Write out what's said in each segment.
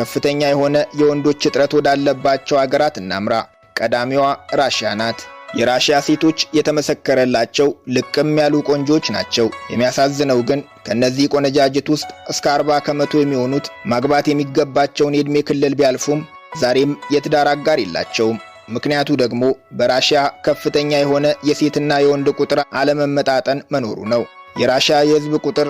ከፍተኛ የሆነ የወንዶች እጥረት ወዳለባቸው አገራት እናምራ። ቀዳሚዋ ራሽያ ናት። የራሽያ ሴቶች የተመሰከረላቸው ልቅም ያሉ ቆንጆች ናቸው። የሚያሳዝነው ግን ከእነዚህ ቆነጃጅት ውስጥ እስከ 40 ከመቶ የሚሆኑት ማግባት የሚገባቸውን የዕድሜ ክልል ቢያልፉም ዛሬም የትዳር አጋር የላቸውም። ምክንያቱ ደግሞ በራሽያ ከፍተኛ የሆነ የሴትና የወንድ ቁጥር አለመመጣጠን መኖሩ ነው። የራሻ የህዝብ ቁጥር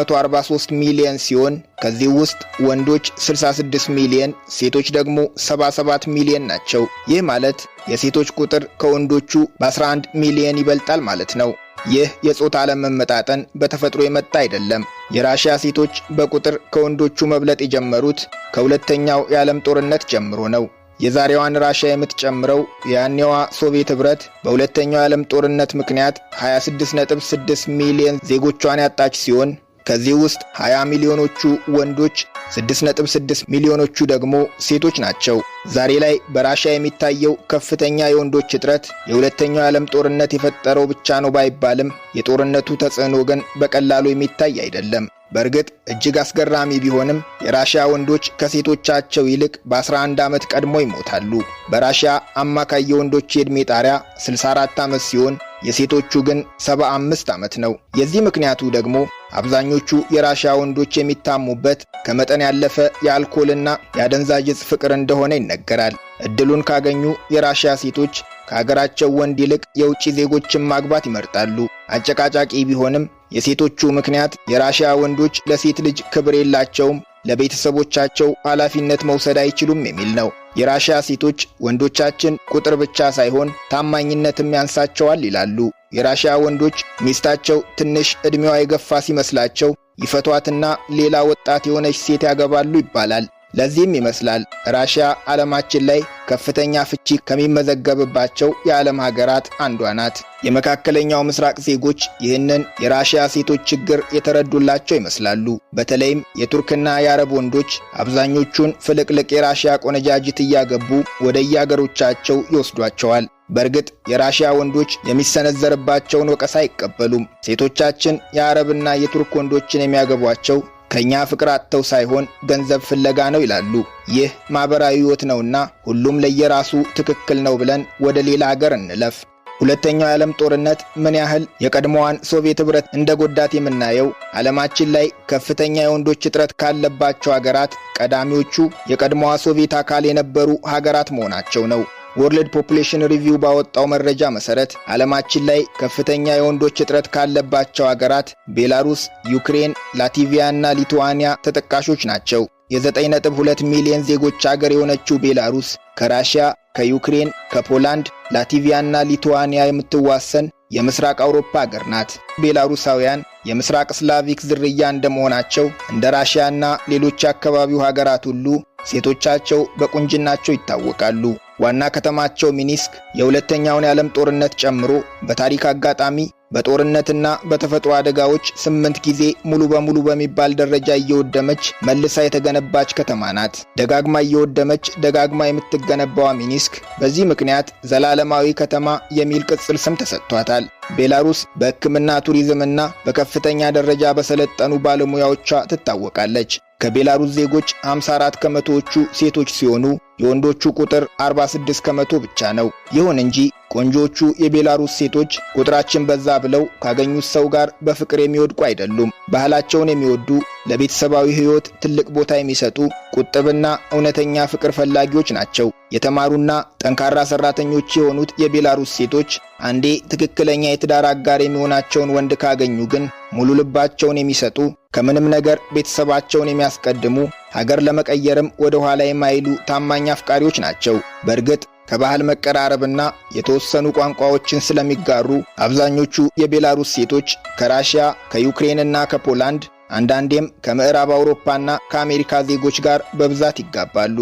143 ሚሊዮን ሲሆን ከዚህ ውስጥ ወንዶች 66 ሚሊዮን፣ ሴቶች ደግሞ 77 ሚሊዮን ናቸው። ይህ ማለት የሴቶች ቁጥር ከወንዶቹ በ11 ሚሊዮን ይበልጣል ማለት ነው። ይህ የጾታ አለመመጣጠን በተፈጥሮ የመጣ አይደለም። የራሽያ ሴቶች በቁጥር ከወንዶቹ መብለጥ የጀመሩት ከሁለተኛው የዓለም ጦርነት ጀምሮ ነው። የዛሬዋን ራሽያ የምትጨምረው የያኔዋ ሶቪየት ኅብረት በሁለተኛው የዓለም ጦርነት ምክንያት 26.6 ሚሊዮን ዜጎቿን ያጣች ሲሆን ከዚህ ውስጥ 20 ሚሊዮኖቹ ወንዶች፣ 6.6 ሚሊዮኖቹ ደግሞ ሴቶች ናቸው። ዛሬ ላይ በራሽያ የሚታየው ከፍተኛ የወንዶች እጥረት የሁለተኛው የዓለም ጦርነት የፈጠረው ብቻ ነው ባይባልም የጦርነቱ ተጽዕኖ ግን በቀላሉ የሚታይ አይደለም። በእርግጥ እጅግ አስገራሚ ቢሆንም የራሽያ ወንዶች ከሴቶቻቸው ይልቅ በ11 ዓመት ቀድሞ ይሞታሉ። በራሽያ አማካይ የወንዶች የዕድሜ ጣሪያ 64 ዓመት ሲሆን የሴቶቹ ግን 75 ዓመት ነው። የዚህ ምክንያቱ ደግሞ አብዛኞቹ የራሽያ ወንዶች የሚታሙበት ከመጠን ያለፈ የአልኮልና የአደንዛዥ ፍቅር እንደሆነ ይነገራል። እድሉን ካገኙ የራሽያ ሴቶች ከሀገራቸው ወንድ ይልቅ የውጭ ዜጎችን ማግባት ይመርጣሉ። አጨቃጫቂ ቢሆንም የሴቶቹ ምክንያት የራሽያ ወንዶች ለሴት ልጅ ክብር የላቸውም፣ ለቤተሰቦቻቸው ኃላፊነት መውሰድ አይችሉም የሚል ነው። የራሽያ ሴቶች ወንዶቻችን ቁጥር ብቻ ሳይሆን ታማኝነትም ያንሳቸዋል ይላሉ። የራሽያ ወንዶች ሚስታቸው ትንሽ ዕድሜዋ የገፋ ሲመስላቸው ይፈቷትና ሌላ ወጣት የሆነች ሴት ያገባሉ ይባላል። ለዚህም ይመስላል ራሽያ ዓለማችን ላይ ከፍተኛ ፍቺ ከሚመዘገብባቸው የዓለም ሀገራት አንዷ ናት። የመካከለኛው ምስራቅ ዜጎች ይህንን የራሽያ ሴቶች ችግር የተረዱላቸው ይመስላሉ። በተለይም የቱርክና የአረብ ወንዶች አብዛኞቹን ፍልቅልቅ የራሽያ ቆነጃጅት እያገቡ ወደ ይወስዷቸዋል። በእርግጥ የራሽያ ወንዶች የሚሰነዘርባቸውን ወቀሳ አይቀበሉም። ሴቶቻችን የአረብና የቱርክ ወንዶችን የሚያገቧቸው ከእኛ ፍቅር አጥተው ሳይሆን ገንዘብ ፍለጋ ነው ይላሉ። ይህ ማኅበራዊ ሕይወት ነውና ሁሉም ለየራሱ ትክክል ነው ብለን ወደ ሌላ አገር እንለፍ። ሁለተኛው የዓለም ጦርነት ምን ያህል የቀድሞዋን ሶቪየት ኅብረት እንደ ጎዳት የምናየው ዓለማችን ላይ ከፍተኛ የወንዶች እጥረት ካለባቸው አገራት ቀዳሚዎቹ የቀድሞዋ ሶቪየት አካል የነበሩ ሀገራት መሆናቸው ነው። ወርልድ ፖፑሌሽን ሪቪው ባወጣው መረጃ መሰረት ዓለማችን ላይ ከፍተኛ የወንዶች እጥረት ካለባቸው አገራት ቤላሩስ፣ ዩክሬን፣ ላቲቪያ እና ሊቱዋኒያ ተጠቃሾች ናቸው። የ9.2 ሚሊዮን ዜጎች አገር የሆነችው ቤላሩስ ከራሽያ፣ ከዩክሬን፣ ከፖላንድ፣ ላቲቪያ እና ሊቱዋኒያ የምትዋሰን የምስራቅ አውሮፓ አገር ናት። ቤላሩሳውያን የምስራቅ ስላቪክ ዝርያ እንደመሆናቸው እንደ ራሽያና ሌሎች አካባቢው ሀገራት ሁሉ ሴቶቻቸው በቁንጅናቸው ይታወቃሉ። ዋና ከተማቸው ሚኒስክ የሁለተኛውን የዓለም ጦርነት ጨምሮ በታሪክ አጋጣሚ በጦርነትና በተፈጥሮ አደጋዎች ስምንት ጊዜ ሙሉ በሙሉ በሚባል ደረጃ እየወደመች መልሳ የተገነባች ከተማ ናት። ደጋግማ እየወደመች ደጋግማ የምትገነባዋ ሚኒስክ በዚህ ምክንያት ዘላለማዊ ከተማ የሚል ቅጽል ስም ተሰጥቷታል። ቤላሩስ በሕክምና ቱሪዝምና በከፍተኛ ደረጃ በሰለጠኑ ባለሙያዎቿ ትታወቃለች። ከቤላሩስ ዜጎች 54 ከመቶዎቹ ሴቶች ሲሆኑ የወንዶቹ ቁጥር 46 ከመቶ ብቻ ነው። ይሁን እንጂ ቆንጆቹ የቤላሩስ ሴቶች ቁጥራችን በዛ ብለው ካገኙት ሰው ጋር በፍቅር የሚወድቁ አይደሉም። ባህላቸውን የሚወዱ ለቤተሰባዊ ሕይወት ትልቅ ቦታ የሚሰጡ ቁጥብና እውነተኛ ፍቅር ፈላጊዎች ናቸው። የተማሩና ጠንካራ ሰራተኞች የሆኑት የቤላሩስ ሴቶች አንዴ ትክክለኛ የትዳር አጋር የሚሆናቸውን ወንድ ካገኙ ግን ሙሉ ልባቸውን የሚሰጡ ከምንም ነገር ቤተሰባቸውን የሚያስቀድሙ ሀገር ለመቀየርም ወደ ኋላ የማይሉ ታማኝ አፍቃሪዎች ናቸው። በእርግጥ ከባህል መቀራረብና የተወሰኑ ቋንቋዎችን ስለሚጋሩ አብዛኞቹ የቤላሩስ ሴቶች ከራሽያ ከዩክሬንና ከፖላንድ አንዳንዴም ከምዕራብ አውሮፓና ከአሜሪካ ዜጎች ጋር በብዛት ይጋባሉ።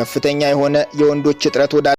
ከፍተኛ የሆነ የወንዶች እጥረት ወዳ